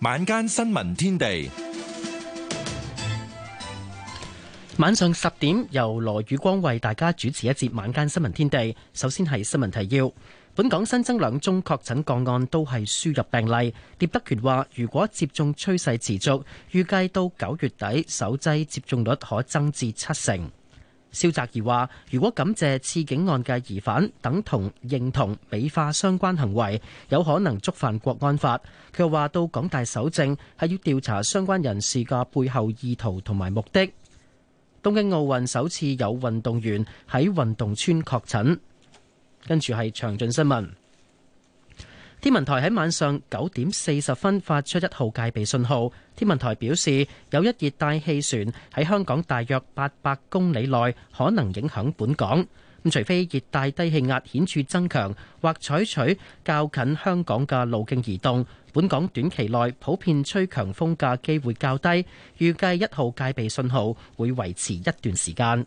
晚間新聞天地，晚上十點由羅宇光為大家主持一節晚間新聞天地。首先係新聞提要，本港新增兩宗確診個案，都係輸入病例。聶德權話，如果接種趨勢持續，預計到九月底，首劑接種率可增至七成。蕭澤頤話：如果感謝刺警案嘅疑犯，等同認同美化相關行為，有可能觸犯國安法。佢又話到港大搜證係要調查相關人士嘅背後意圖同埋目的。東京奧運首次有運動員喺運動村確診，跟住係詳盡新聞。天文台喺晚上九點四十分發出一號戒備信號。天文台表示，有一熱帶氣旋喺香港大約八百公里內，可能影響本港。咁除非熱帶低氣壓顯著增強或採取較近香港嘅路徑移動，本港短期內普遍吹強風嘅機會較低。預計一號戒備信號會維持一段時間。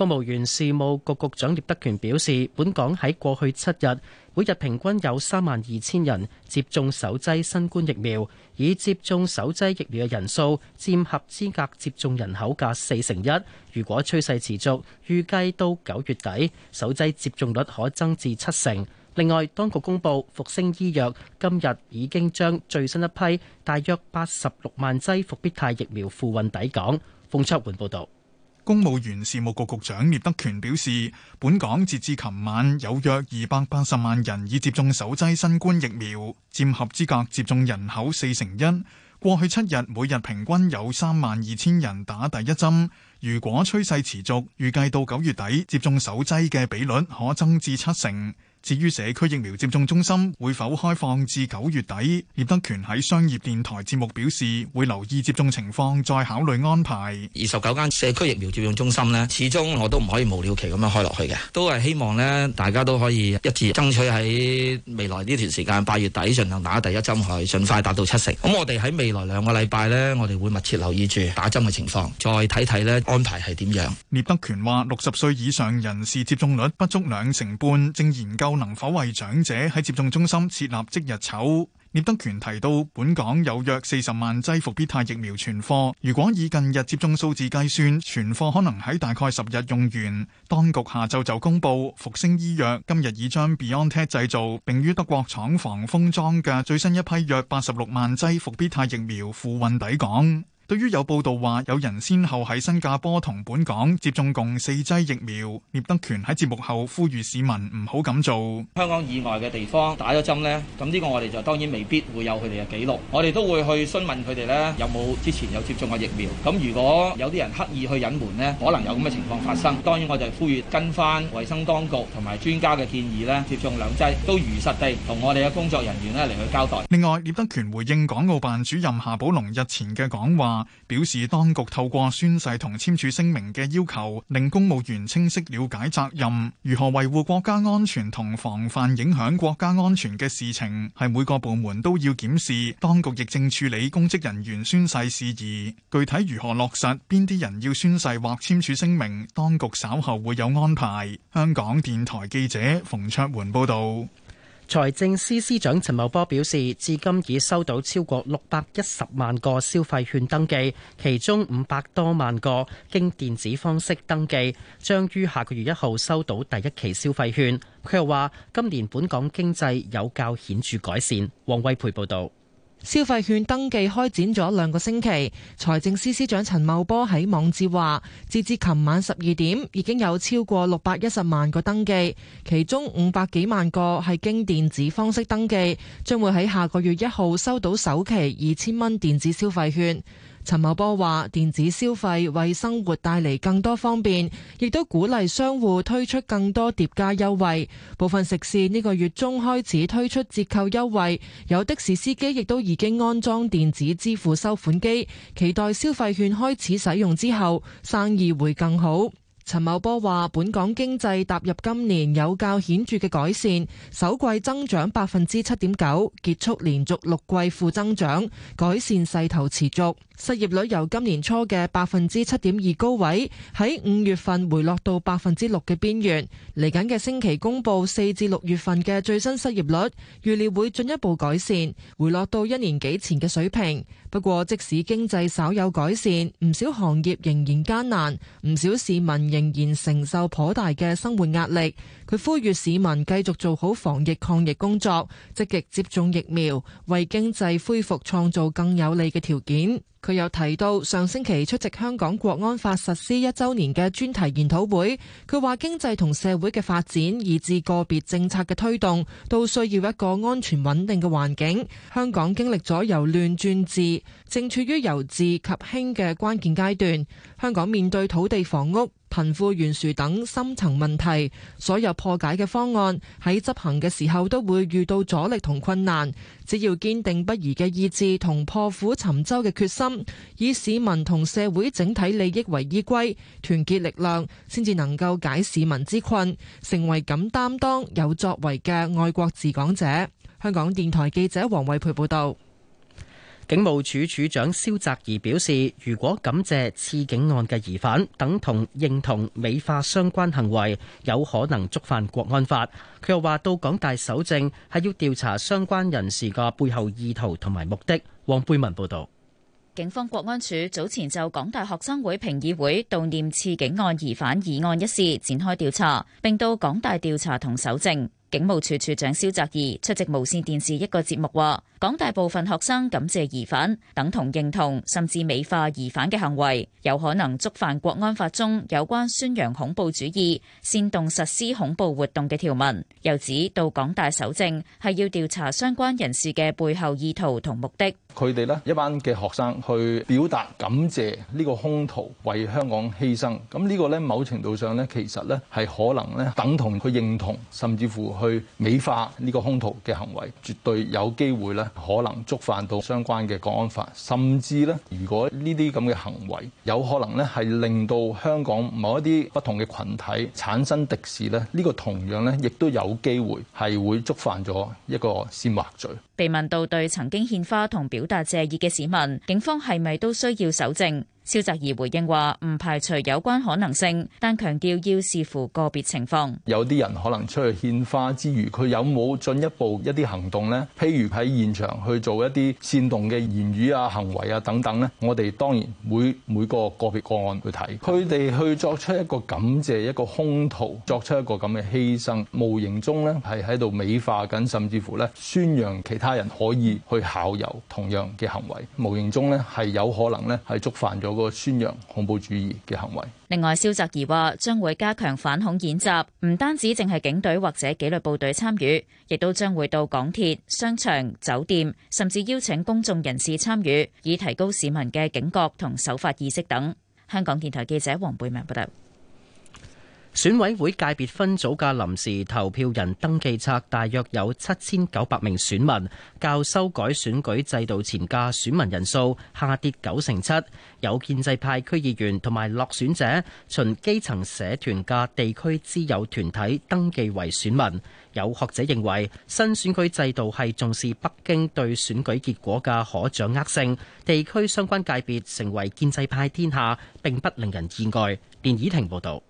公務員事務局局長聶德權表示，本港喺過去七日，每日平均有三萬二千人接種首劑新冠疫苗，已接種首劑疫苗嘅人數占合資格接種人口嘅四成一。如果趨勢持續，預計到九月底，首劑接種率可增至七成。另外，當局公布，復星醫藥今日已經將最新一批大約八十六萬劑復必泰疫苗付運抵港。馮卓桓報道。公務員事務局局長聶德權表示，本港截至琴晚有約二百八十萬人已接種首劑新冠疫苗，佔合資格接種人口四成一。過去七日每日平均有三萬二千人打第一針，如果趨勢持續，預計到九月底接種首劑嘅比率可增至七成。至於社區疫苗接種中心會否開放至九月底，聶德權喺商業電台節目表示，會留意接種情況，再考慮安排。二十九間社區疫苗接種中心呢，始終我都唔可以無了期咁樣開落去嘅，都係希望呢，大家都可以一致爭取喺未來呢段時間八月底盡量打第一針，去盡快達到七成。咁我哋喺未來兩個禮拜呢，我哋會密切留意住打針嘅情況，再睇睇呢，安排係點樣。聶德權話：六十歲以上人士接種率不足兩成半，正研究。能否為長者喺接種中心設立即日籌。聶德權提到，本港有約四十萬劑復必泰疫苗存貨，如果以近日接種數字計算，存貨可能喺大概十日用完。當局下晝就公布，復星醫藥今日已將 BioNTech 製造並於德國廠房封裝嘅最新一批約八十六萬劑復必泰疫苗付運抵港。對於有報道話有人先後喺新加坡同本港接種共四劑疫苗，聶德權喺節目後呼籲市民唔好咁做。香港以外嘅地方打咗針呢，咁呢個我哋就當然未必會有佢哋嘅記錄，我哋都會去詢問佢哋呢，有冇之前有接種過疫苗。咁如果有啲人刻意去隱瞞呢，可能有咁嘅情況發生。當然，我就呼籲跟翻衛生當局同埋專家嘅建議呢，接種兩劑都如實地同我哋嘅工作人員呢嚟去交代。另外，聶德權回應港澳辦主任夏寶龍日前嘅講話。表示當局透過宣誓同簽署聲明嘅要求，令公務員清晰了解責任，如何維護國家安全同防範影響國家安全嘅事情，係每個部門都要檢視。當局亦正處理公職人員宣誓事宜，具體如何落實，邊啲人要宣誓或簽署聲明，當局稍後會有安排。香港電台記者馮卓桓報道。財政司司長陳茂波表示，至今已收到超過六百一十萬個消費券登記，其中五百多萬個經電子方式登記，將於下個月一號收到第一期消費券。佢又話，今年本港經濟有較顯著改善。王威培報導。消費券登記開展咗兩個星期，財政司司長陳茂波喺網誌話，截至琴晚十二點，已經有超過六百一十萬個登記，其中五百幾萬個係經電子方式登記，將會喺下個月一號收到首期二千蚊電子消費券。陳茂波話：電子消費為生活帶嚟更多方便，亦都鼓勵商戶推出更多疊加優惠。部分食肆呢個月中開始推出折扣優惠，有的士司機亦都已經安裝電子支付收款機，期待消費券開始使用之後，生意會更好。陳茂波話：本港經濟踏入今年有較顯著嘅改善，首季增長百分之七點九，結束連續六季負增長，改善勢頭持續。失業率由今年初嘅百分之七點二高位，喺五月份回落到百分之六嘅邊緣。嚟緊嘅星期公布四至六月份嘅最新失業率，預料會進一步改善，回落到一年幾前嘅水平。不過，即使經濟稍有改善，唔少行業仍然艱難，唔少市民仍。仍然承受頗大嘅生活壓力，佢呼籲市民繼續做好防疫抗疫工作，積極接種疫苗，為經濟恢復創造更有利嘅條件。佢又提到上星期出席香港國安法實施一周年嘅專題研討會，佢話經濟同社會嘅發展，以至個別政策嘅推動，都需要一個安全穩定嘅環境。香港經歷咗由亂轉治，正處於由治及興嘅關鍵階段。香港面對土地房屋，貧富懸殊等深層問題，所有破解嘅方案喺執行嘅時候都會遇到阻力同困難。只要堅定不移嘅意志同破釜沉舟嘅決心，以市民同社會整體利益為依歸，團結力量，先至能夠解市民之困，成為敢擔當、有作為嘅愛國治港者。香港電台記者黃慧培報道。警務處處長蕭澤頤表示，如果感謝刺警案嘅疑犯等同認同美化相關行為，有可能觸犯國安法。佢又話，到港大搜證係要調查相關人士嘅背後意圖同埋目的。黃貝文報道，警方國安處早前就港大學生會評議會悼念刺警案疑犯疑案一事展開調查，並到港大調查同搜證。警務處處長蕭澤頤出席無線電視一個節目說，話港大部分學生感謝疑犯等同認同甚至美化疑犯嘅行為，有可能觸犯國安法中有關宣揚恐怖主義、煽動實施恐怖活動嘅條文。又指到港大搜證係要調查相關人士嘅背後意圖同目的。佢哋咧一班嘅學生去表達感謝呢個兇徒為香港犧牲，咁呢個呢某程度上呢，其實呢係可能呢等同佢認同，甚至乎去美化呢個兇徒嘅行為，絕對有機會呢，可能觸犯到相關嘅《國安法》，甚至呢，如果呢啲咁嘅行為有可能呢係令到香港某一啲不同嘅群體產生敵視呢。呢、呢個同樣呢，亦都有機會係會觸犯咗一個煽惑罪。被問到對曾經獻花同表達謝意嘅市民，警方係咪都需要搜證？蕭澤頤回應話：唔排除有關可能性，但強調要視乎個別情況。有啲人可能出去獻花之餘，佢有冇進一步一啲行動咧？譬如喺現場去做一啲煽動嘅言語啊、行為啊等等咧？我哋當然每每個個別個案去睇，佢哋去作出一個感謝一個兇徒，作出一個咁嘅犧牲，無形中咧係喺度美化緊，甚至乎咧宣揚其他人可以去效尤同樣嘅行為，無形中咧係有可能咧係觸犯咗。宣揚恐怖主義嘅行為。另外，蕭澤頤話將會加強反恐演習，唔單止淨係警隊或者紀律部隊參與，亦都將會到港鐵、商場、酒店，甚至邀請公眾人士參與，以提高市民嘅警覺同守法意識等。香港電台記者黃貝明報道。選委會界別分組嘅臨時投票人登記冊大約有七千九百名選民，較修改選舉制度前嘅選民人數下跌九成七。有建制派區議員同埋落選者循基層社團嘅地區資有團體登記為選民。有學者認為新選舉制度係重視北京對選舉結果嘅可掌握性，地區相關界別成為建制派天下並不令人意外。連倚婷報道。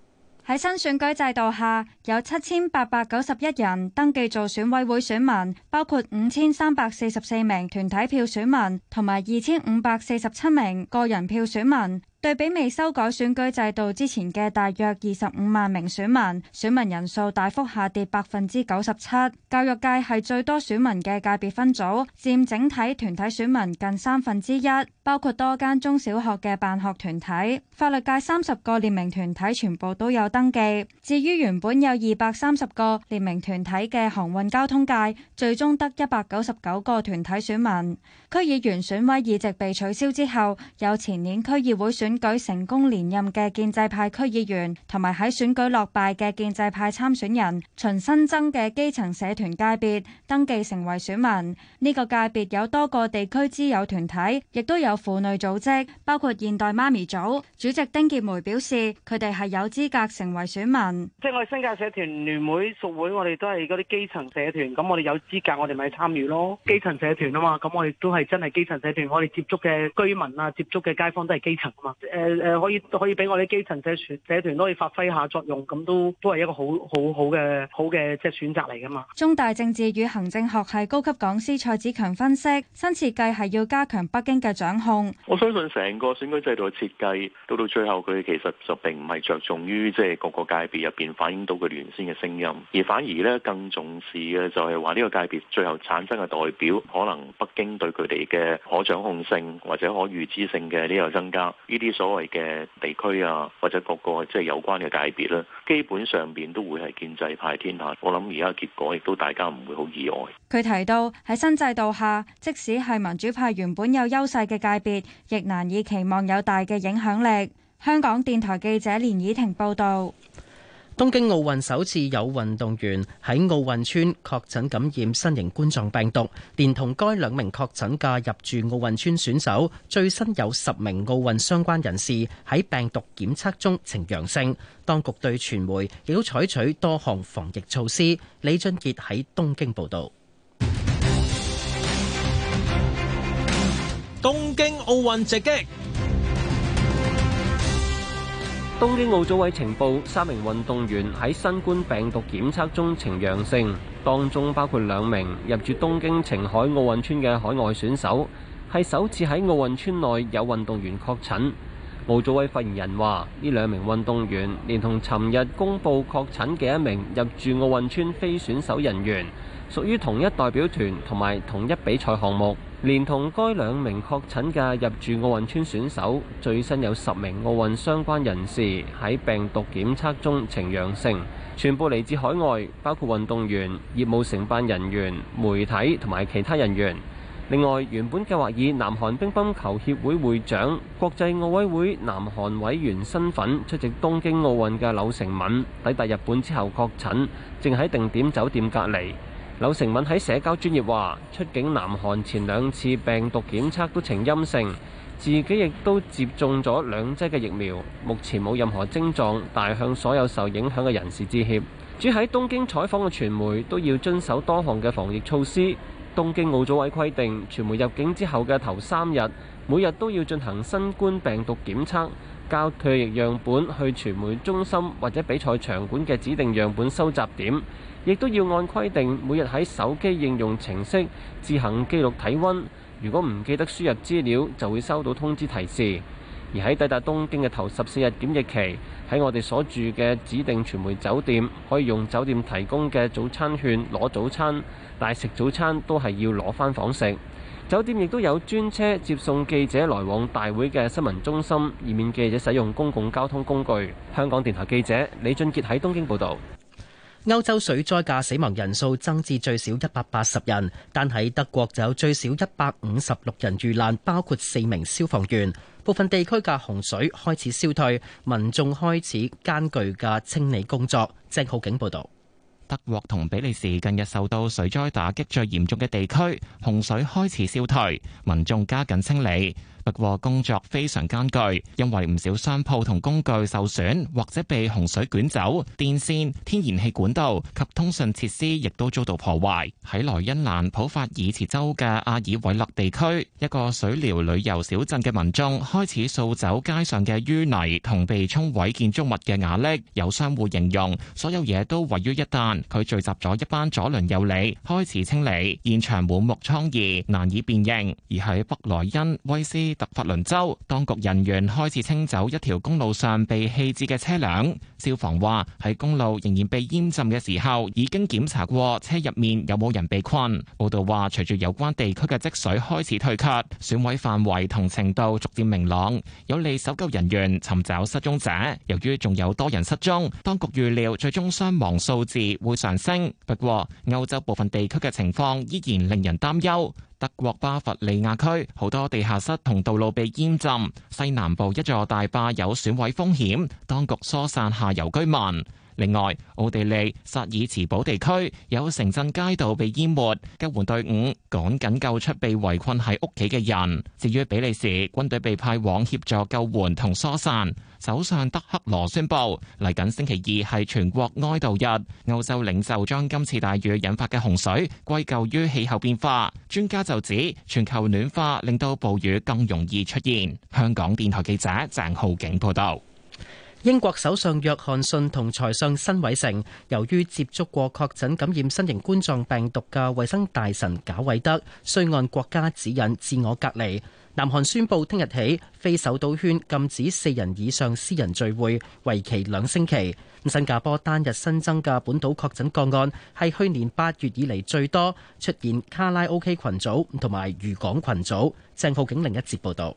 喺新選舉制度下，有七千八百九十一人登記做選委會選民，包括五千三百四十四名團體票選民同埋二千五百四十七名個人票選民。對比未修改選舉制度之前嘅大約二十五萬名選民，選民人數大幅下跌百分之九十七。教育界係最多選民嘅界別分組，佔整體團體選民近三分之一，包括多間中小學嘅辦學團體。法律界三十個列明團體全部都有登記。至於原本有二百三十個列明團體嘅航運交通界，最終得一百九十九個團體選民。區議員選委議席被取消之後，有前年區議會選舉成功連任嘅建制派區議員，同埋喺選舉落敗嘅建制派參選人，循新增嘅基層社團界別登記成為選民。呢、這個界別有多個地區支有團體，亦都有婦女組織，包括現代媽咪組主席丁潔梅表示，佢哋係有資格成為選民。即係我哋新界社團聯會屬會我們，那我哋都係嗰啲基層社團，咁我哋有資格，我哋咪參與咯。基層社團啊嘛，咁我哋都係。係真係基層社團，我哋接觸嘅居民啊，接觸嘅街坊都係基層啊嘛。誒誒，可以可以俾我哋基層社團社團都可以發揮下作用，咁都都係一個好好好嘅好嘅即係選擇嚟噶嘛。中大政治與行政學系高級講師蔡子強分析，新設計係要加強北京嘅掌控。我相信成個選舉制度嘅設計到到最後，佢其實就並唔係着重於即係各個界別入邊反映到佢原先嘅聲音，而反而咧更重視嘅就係話呢個界別最後產生嘅代表，可能北京對佢地嘅可掌控性或者可預知性嘅呢個增加，呢啲所謂嘅地區啊，或者各個即係有關嘅界別啦，基本上邊都會係建制派天下。我諗而家結果亦都大家唔會好意外。佢提到喺新制度下，即使係民主派原本有優勢嘅界別，亦難以期望有大嘅影響力。香港電台記者連倚婷報道。東京奧運首次有運動員喺奧運村確診感染新型冠狀病毒，連同該兩名確診嘅入住奧運村選手，最新有十名奧運相關人士喺病毒檢測中呈陽性。當局對傳媒亦都採取多項防疫措施。李俊杰喺東京報道。東京奧運直擊。東京奧組委情報：三名運動員喺新冠病毒檢測中呈陽性，當中包括兩名入住東京晴海奧運村嘅海外選手，係首次喺奧運村內有運動員確診。奧組委發言人話：呢兩名運動員連同尋日公布確診嘅一名入住奧運村非選手人員，屬於同一代表團同埋同一比賽項目。連同該兩名確診嘅入住奧運村選手，最新有十名奧運相關人士喺病毒檢測中呈陽性，全部嚟自海外，包括運動員、業務承辦人員、媒體同埋其他人員。另外，原本計劃以南韓乒乓球協會會長、國際奧委會南韓委員身份出席東京奧運嘅柳成敏，抵達日本之後確診，正喺定點酒店隔離。柳承敏喺社交專頁話：出境南韓前兩次病毒檢測都呈陰性，自己亦都接種咗兩劑嘅疫苗，目前冇任何症狀。但向所有受影響嘅人士致歉。至於喺東京採訪嘅傳媒都要遵守多項嘅防疫措施。東京奧組委規定，傳媒入境之後嘅頭三日，每日都要進行新冠病毒檢測，交唾液樣本去傳媒中心或者比賽場館嘅指定樣本收集點。亦都要按規定每日喺手機應用程式自行記錄體溫，如果唔記得輸入資料，就會收到通知提示。而喺抵達東京嘅頭十四日檢疫期，喺我哋所住嘅指定傳媒酒店，可以用酒店提供嘅早餐券攞早餐，但係食早餐都係要攞翻房食。酒店亦都有專車接送記者來往大會嘅新聞中心，以免記者使用公共交通工具。香港電台記者李俊杰喺東京報道。歐洲水災嘅死亡人數增至最少一百八十人，但喺德國就有最少一百五十六人遇難，包括四名消防員。部分地區嘅洪水開始消退，民眾開始艱巨嘅清理工作。鄭浩景報道：德國同比利時近日受到水災打擊最嚴重嘅地區，洪水開始消退，民眾加緊清理。不過工作非常艱巨，因為唔少商鋪同工具受損，或者被洪水捲走；電線、天然氣管道及通訊設施亦都遭到破壞。喺萊茵蘭普法爾茨州嘅阿爾韋勒地區，一個水療旅遊小鎮嘅民眾開始掃走街上嘅淤泥同被沖毀建築物嘅瓦礫。有商戶形容，所有嘢都毀於一旦。佢聚集咗一班左鄰右里，開始清理，現場滿目瘡痍，難以辨認。而喺北萊茵威斯特法倫州，當局人員開始清走一條公路上被棄置嘅車輛。消防話喺公路仍然被淹浸嘅時候，已經檢查過車入面有冇人被困。報道話，隨住有關地區嘅積水開始退卻，損毀範圍同程度逐漸明朗，有利搜救人員尋找失蹤者。由於仲有多人失蹤，當局預料最終傷亡數字會上升。不過，歐洲部分地區嘅情況依然令人擔憂。德國巴伐利亞區好多地下室同道路被淹浸，西南部一座大壩有損毀風險，當局疏散下游居民。另外，奧地利薩爾茨堡地區有城鎮街道被淹沒，救援隊伍趕緊救出被圍困喺屋企嘅人。至於比利時，軍隊被派往協助救援同疏散。首相德克羅宣布，嚟緊星期二係全國哀悼日。歐洲領袖將今次大雨引發嘅洪水歸咎於氣候變化。專家就指，全球暖化令到暴雨更容易出現。香港電台記者鄭浩景報道。英國首相約翰遜同財相辛偉誠，由於接觸過確診感染新型冠狀病毒嘅衛生大臣賈偉德，需按國家指引自我隔離。南韓宣布聽日起，非首都圈禁止四人以上私人聚會，為期兩星期。新加坡單日新增嘅本土確診個案係去年八月以嚟最多，出現卡拉 OK 群組同埋漁港群組。鄭浩景另一節報道。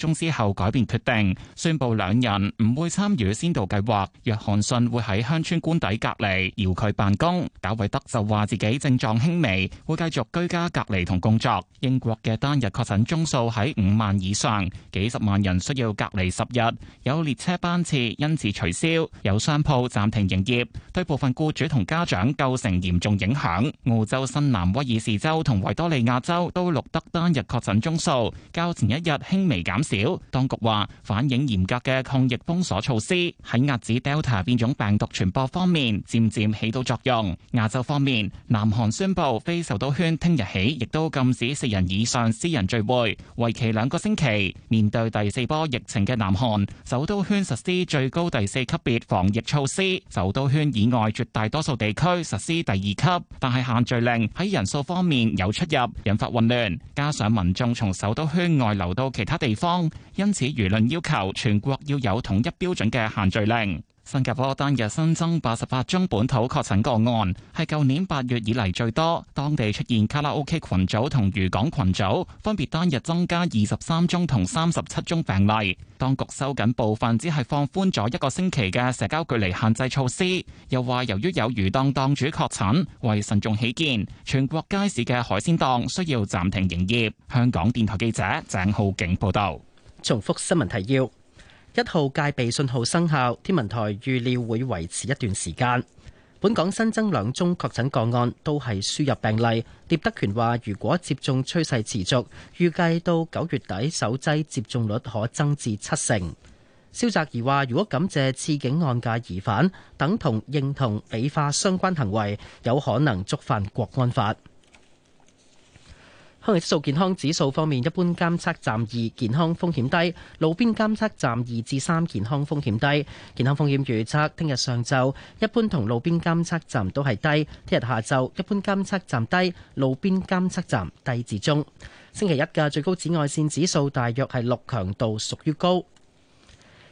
中之後改變決定，宣布兩人唔會參與先導計劃。約翰遜會喺鄉村官邸隔離，遙距辦公。賈偉德就話自己症狀輕微，會繼續居家隔離同工作。英國嘅單日確診宗數喺五萬以上，幾十萬人需要隔離十日。有列車班次因此取消，有商鋪暫停營業，對部分僱主同家長構成嚴重影響。澳洲新南威爾士州同維多利亞州都錄得單日確診宗數，較前一日輕微減少。少，當局話反映嚴格嘅抗疫封鎖措施喺遏止 Delta 變種病毒傳播方面漸漸起到作用。亞洲方面，南韓宣布非首都圈聽日起亦都禁止四人以上私人聚會，為期兩個星期。面對第四波疫情嘅南韓，首都圈實施最高第四級別防疫措施，首都圈以外絕大多數地區實施第二級，但係限聚令喺人數方面有出入，引發混亂。加上民眾從首都圈外流到其他地方。因此，輿論要求全國要有統一標準嘅限聚令。新加坡單日新增八十八宗本土確診個案，係舊年八月以嚟最多。當地出現卡拉 OK 群組同漁港群組，分別單日增加二十三宗同三十七宗病例。當局收緊部分只係放寬咗一個星期嘅社交距離限制措施，又話由於有魚檔檔主確診，為慎重起見，全國街市嘅海鮮檔需要暫停營業。香港電台記者鄭浩景報道。重複新聞提要：，一號戒備信號生效，天文台預料會維持一段時間。本港新增兩宗確診個案，都係輸入病例。聶德權話：，如果接種趨勢持續，預計到九月底，首劑接種率可增至七成。蕭澤頤話：，如果感謝刺警案嘅疑犯等同認同美化相關行為，有可能觸犯國安法。空氣質素健康指數方面，一般監測站二健康風險低，路邊監測站二至三健康風險低。健康風險預測：聽日上晝一般同路邊監測站都係低，聽日下晝一般監測站低，路邊監測站低至中。星期一嘅最高紫外線指數大約係六，強度屬於高。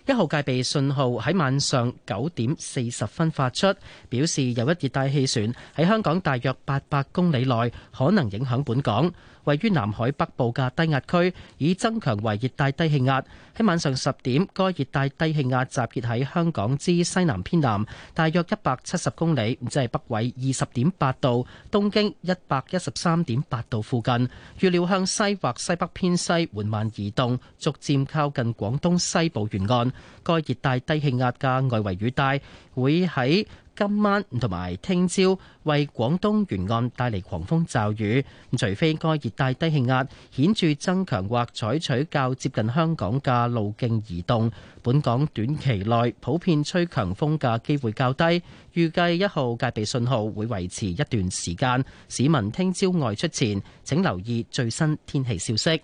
一號戒備信號喺晚上九點四十分發出，表示有一熱帶氣旋喺香港大約八百公里內，可能影響本港。位於南海北部嘅低壓區已增強為熱帶低氣壓，喺晚上十點，該熱帶低氣壓集結喺香港之西南偏南，大約一百七十公里，即係北緯二十點八度、東經一百一十三點八度附近。預料向西或西北偏西緩慢移動，逐漸靠近廣東西部沿岸。該熱帶低氣壓嘅外圍雨帶會喺今晚同埋聽朝為廣東沿岸帶嚟狂風驟雨，除非該熱帶低氣壓顯著增強或採取較接近香港嘅路徑移動，本港短期內普遍吹強風嘅機會較低。預計一號戒備信號會維持一段時間，市民聽朝外出前，請留意最新天氣消息。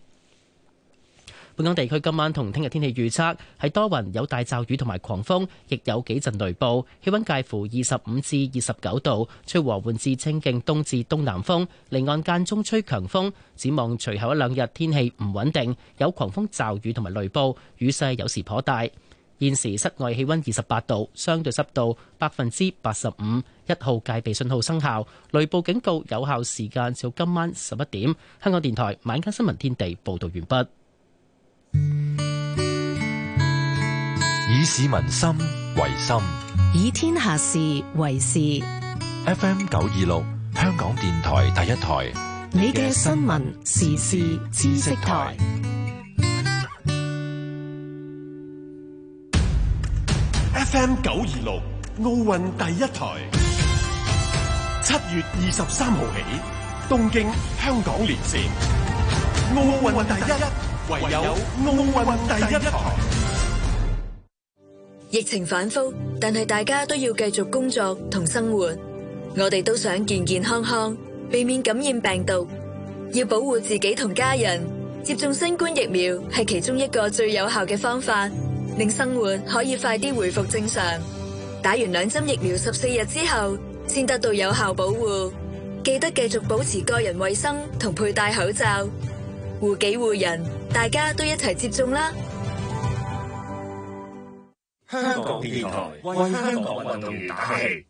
本港地區今晚同聽日天氣預測喺多雲，有大驟雨同埋狂風，亦有幾陣雷暴。氣溫介乎二十五至二十九度，吹和緩至清勁東至東南風。離岸間中吹強風。展望隨後一兩日天氣唔穩定，有狂風驟雨同埋雷暴，雨勢有時頗大。現時室外氣溫二十八度，相對濕度百分之八十五，一號戒備信號生效，雷暴警告有效時間至今晚十一點。香港電台《晚間新聞天地》報道完畢。以市民心為心，以天下事為事。F M 九二六香港電台第一台，你嘅新聞時事知識台。F M 九二六奧運第一台，七月二十三號起，東京香港連線，奧運第一。唯有奧運第一台。疫情反覆，但係大家都要繼續工作同生活。我哋都想健健康康，避免感染病毒，要保護自己同家人。接種新冠疫苗係其中一個最有效嘅方法，令生活可以快啲回復正常。打完兩針疫苗十四日之後，先得到有效保護。記得繼續保持個人衛生同佩戴口罩，護己護人。大家都一齊接種啦！香港電台為香港運動員打氣。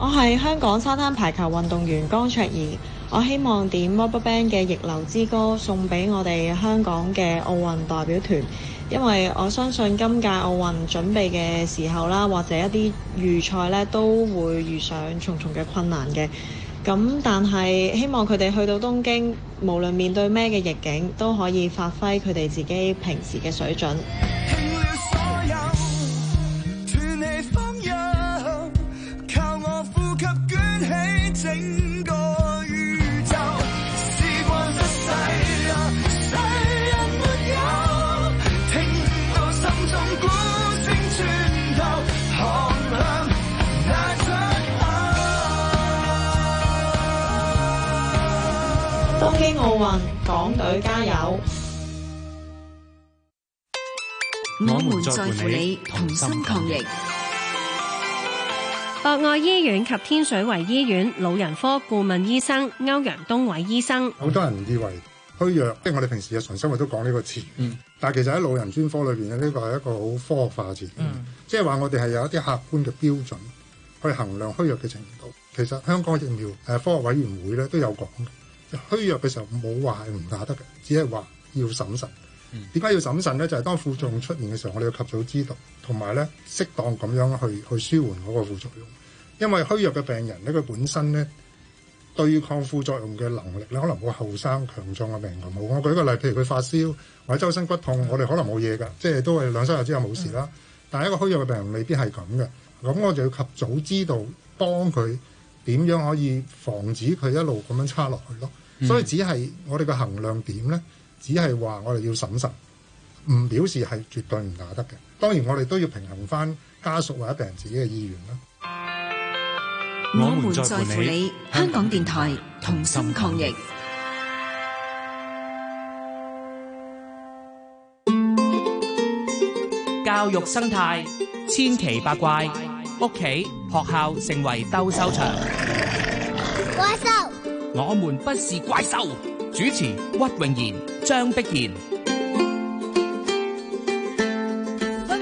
我係香港沙灘排球運動員江卓儀，我希望點 RubberBand 嘅《逆流之歌》送俾我哋香港嘅奧運代表團，因為我相信今屆奧運準備嘅時候啦，或者一啲預賽呢，都會遇上重重嘅困難嘅。咁，但係希望佢哋去到東京，無論面對咩嘅逆境，都可以發揮佢哋自己平時嘅水準。奧運，港隊加油！我們在乎你，同心抗疫。同同博愛醫院及天水圍醫院老人科顧問醫生歐陽東偉醫生。好、嗯、多人以為虛弱，即係我哋平時日常生活都講呢個詞，嗯、但係其實喺老人專科裏邊咧，呢、這個係一個好科學化詞，即係話我哋係有一啲客觀嘅標準去衡量虛弱嘅程度。其實香港疫苗誒科學委員會咧都有講嘅。虛弱嘅時候冇話係唔打得嘅，只係話要審慎。點解、嗯、要審慎咧？就係、是、當副作用出現嘅時候，我哋要及早知道，同埋咧適當咁樣去去舒緩嗰個副作用。因為虛弱嘅病人咧，佢本身咧對抗副作用嘅能力咧，可能冇後生強壯嘅病人好。我舉個例，譬如佢發燒或者周身骨痛，嗯、我哋可能冇嘢㗎，即係都係兩三日之後冇事啦。嗯、但係一個虛弱嘅病人未必係咁嘅，咁我就要及早知道幫佢。當他點樣可以防止佢一路咁樣差落去咯？所以只係我哋嘅衡量點呢，只係話我哋要審慎，唔表示係絕對唔打得嘅。當然我哋都要平衡返家屬或者病人自己嘅意願啦。我們在乎你，香港電台同心抗疫，教育生態千奇百怪。屋企、學校成為鬥獸場，怪獸。我們不是怪獸。主持：屈永賢、張碧賢。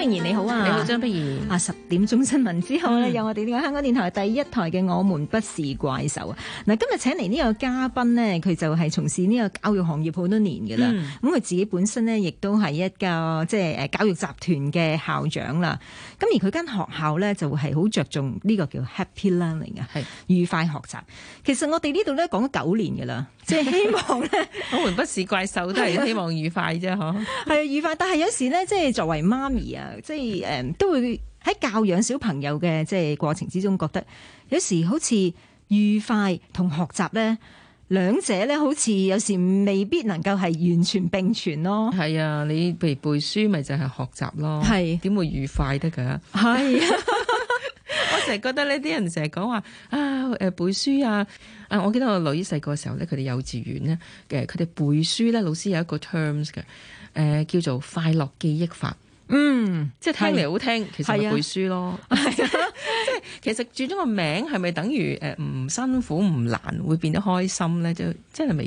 你好啊，你好張不如啊，十點鐘新聞之後咧，嗯、有我哋呢個香港電台第一台嘅《我們不是怪獸》啊。嗱，今日請嚟呢個嘉賓咧，佢就係從事呢個教育行業好多年噶啦。咁佢、嗯、自己本身咧，亦都係一個即係誒教育集團嘅校長啦。咁而佢間學校咧，就係好着重呢個叫 Happy Learning 嘅是，係愉快學習。其實我哋呢度咧講咗九年噶啦，即係 希望咧，我們不是怪獸都係希望愉快啫，嗬？係啊，愉快。但係有時咧，即係作為媽咪啊。即係誒，都會喺教養小朋友嘅即係過程之中，覺得有時好似愉快同學習咧，兩者咧好似有時未必能夠係完全並存咯。係啊，你譬如背書，咪就係學習咯。係點是會愉快得噶？係啊，我成日覺得呢啲人成日講話啊，誒、呃，背書啊。啊，我記得我女細個嘅時候咧，佢哋幼稚園咧，誒，佢哋背書咧，老師有一個 terms 嘅，誒、呃，叫做快樂記憶法。嗯，即係聽嚟好聽，是的其實是背書咯，即係的 其實轉咗個名係咪等於誒唔辛苦唔難，會變得開心咧？就係係咪？是